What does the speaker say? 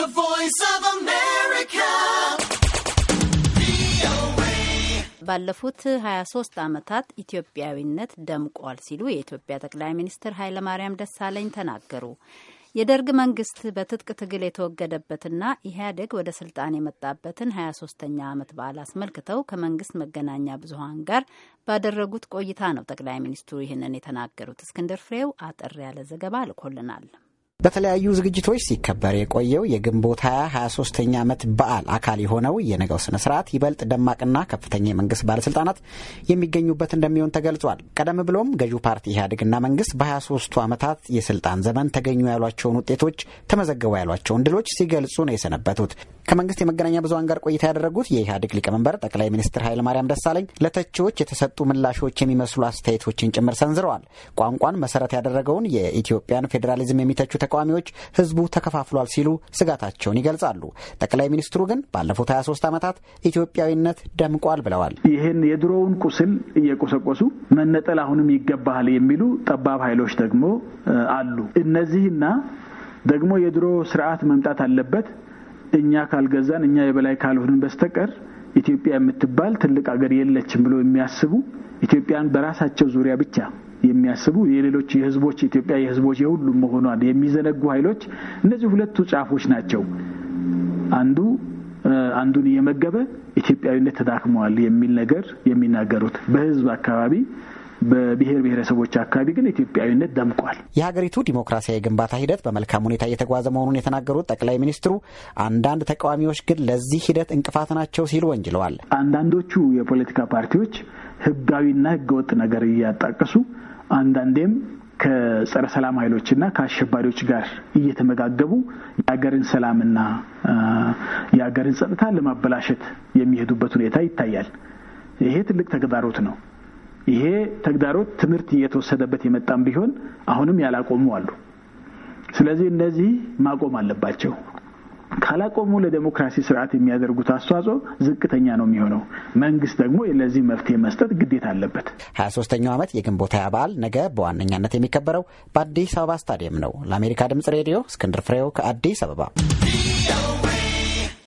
The Voice of America. ባለፉት 23 ዓመታት ኢትዮጵያዊነት ደምቋል ሲሉ የኢትዮጵያ ጠቅላይ ሚኒስትር ኃይለማርያም ደሳለኝ ተናገሩ። የደርግ መንግስት በትጥቅ ትግል የተወገደበትና ኢህአዴግ ወደ ስልጣን የመጣበትን 23 ተኛ ዓመት በዓል አስመልክተው ከመንግስት መገናኛ ብዙሀን ጋር ባደረጉት ቆይታ ነው ጠቅላይ ሚኒስትሩ ይህንን የተናገሩት። እስክንድር ፍሬው አጠር ያለ ዘገባ ልኮልናል። በተለያዩ ዝግጅቶች ሲከበር የቆየው የግንቦት 20 23ኛ ዓመት በዓል አካል የሆነው የነገው ስነ ስርዓት ይበልጥ ደማቅና ከፍተኛ የመንግስት ባለስልጣናት የሚገኙበት እንደሚሆን ተገልጿል። ቀደም ብሎም ገዢው ፓርቲ ኢህአዴግና መንግስት በ23ቱ ዓመታት የስልጣን ዘመን ተገኙ ያሏቸውን ውጤቶች፣ ተመዘገቡ ያሏቸውን ድሎች ሲገልጹ ነው የሰነበቱት። ከመንግስት የመገናኛ ብዙኃን ጋር ቆይታ ያደረጉት የኢህአዴግ ሊቀመንበር ጠቅላይ ሚኒስትር ኃይለማርያም ደሳለኝ ለተቺዎች የተሰጡ ምላሾች የሚመስሉ አስተያየቶችን ጭምር ሰንዝረዋል። ቋንቋን መሰረት ያደረገውን የኢትዮጵያን ፌዴራሊዝም የሚተቹ ተቃዋሚዎች ህዝቡ ተከፋፍሏል ሲሉ ስጋታቸውን ይገልጻሉ። ጠቅላይ ሚኒስትሩ ግን ባለፉት 23 ዓመታት ኢትዮጵያዊነት ደምቋል ብለዋል። ይህን የድሮውን ቁስል እየቆሰቆሱ መነጠል አሁንም ይገባሃል የሚሉ ጠባብ ኃይሎች ደግሞ አሉ። እነዚህና ደግሞ የድሮ ስርዓት መምጣት አለበት እኛ ካልገዛን እኛ የበላይ ካልሆንን በስተቀር ኢትዮጵያ የምትባል ትልቅ አገር የለችም ብሎ የሚያስቡ ኢትዮጵያን በራሳቸው ዙሪያ ብቻ የሚያስቡ የሌሎች የህዝቦች የኢትዮጵያ የህዝቦች የሁሉም መሆኗን የሚዘነጉ ኃይሎች እነዚህ ሁለቱ ጫፎች ናቸው። አንዱ አንዱን እየመገበ ኢትዮጵያዊነት ተዳክመዋል የሚል ነገር የሚናገሩት በህዝብ አካባቢ በብሔር ብሔረሰቦች አካባቢ ግን ኢትዮጵያዊነት ደምቋል። የሀገሪቱ ዲሞክራሲያዊ ግንባታ ሂደት በመልካም ሁኔታ እየተጓዘ መሆኑን የተናገሩት ጠቅላይ ሚኒስትሩ አንዳንድ ተቃዋሚዎች ግን ለዚህ ሂደት እንቅፋት ናቸው ሲሉ ወንጅለዋል። አንዳንዶቹ የፖለቲካ ፓርቲዎች ህጋዊና ህገወጥ ነገር እያጣቀሱ አንዳንዴም ከጸረ ሰላም ኃይሎችና ከአሸባሪዎች ጋር እየተመጋገቡ የሀገርን ሰላምና የሀገርን ጸጥታ ለማበላሸት የሚሄዱበት ሁኔታ ይታያል። ይሄ ትልቅ ተግዳሮት ነው። ይሄ ተግዳሮት ትምህርት እየተወሰደበት የመጣም ቢሆን አሁንም ያላቆሙ አሉ። ስለዚህ እነዚህ ማቆም አለባቸው። ካላቆሙ ለዴሞክራሲ ስርዓት የሚያደርጉት አስተዋጽኦ ዝቅተኛ ነው የሚሆነው። መንግስት ደግሞ ለዚህ መፍትሄ መስጠት ግዴታ አለበት። ሀያ ሶስተኛው ዓመት የግንቦት ሃያ በዓል ነገ በዋነኛነት የሚከበረው በአዲስ አበባ ስታዲየም ነው። ለአሜሪካ ድምጽ ሬዲዮ እስክንድር ፍሬው ከአዲስ አበባ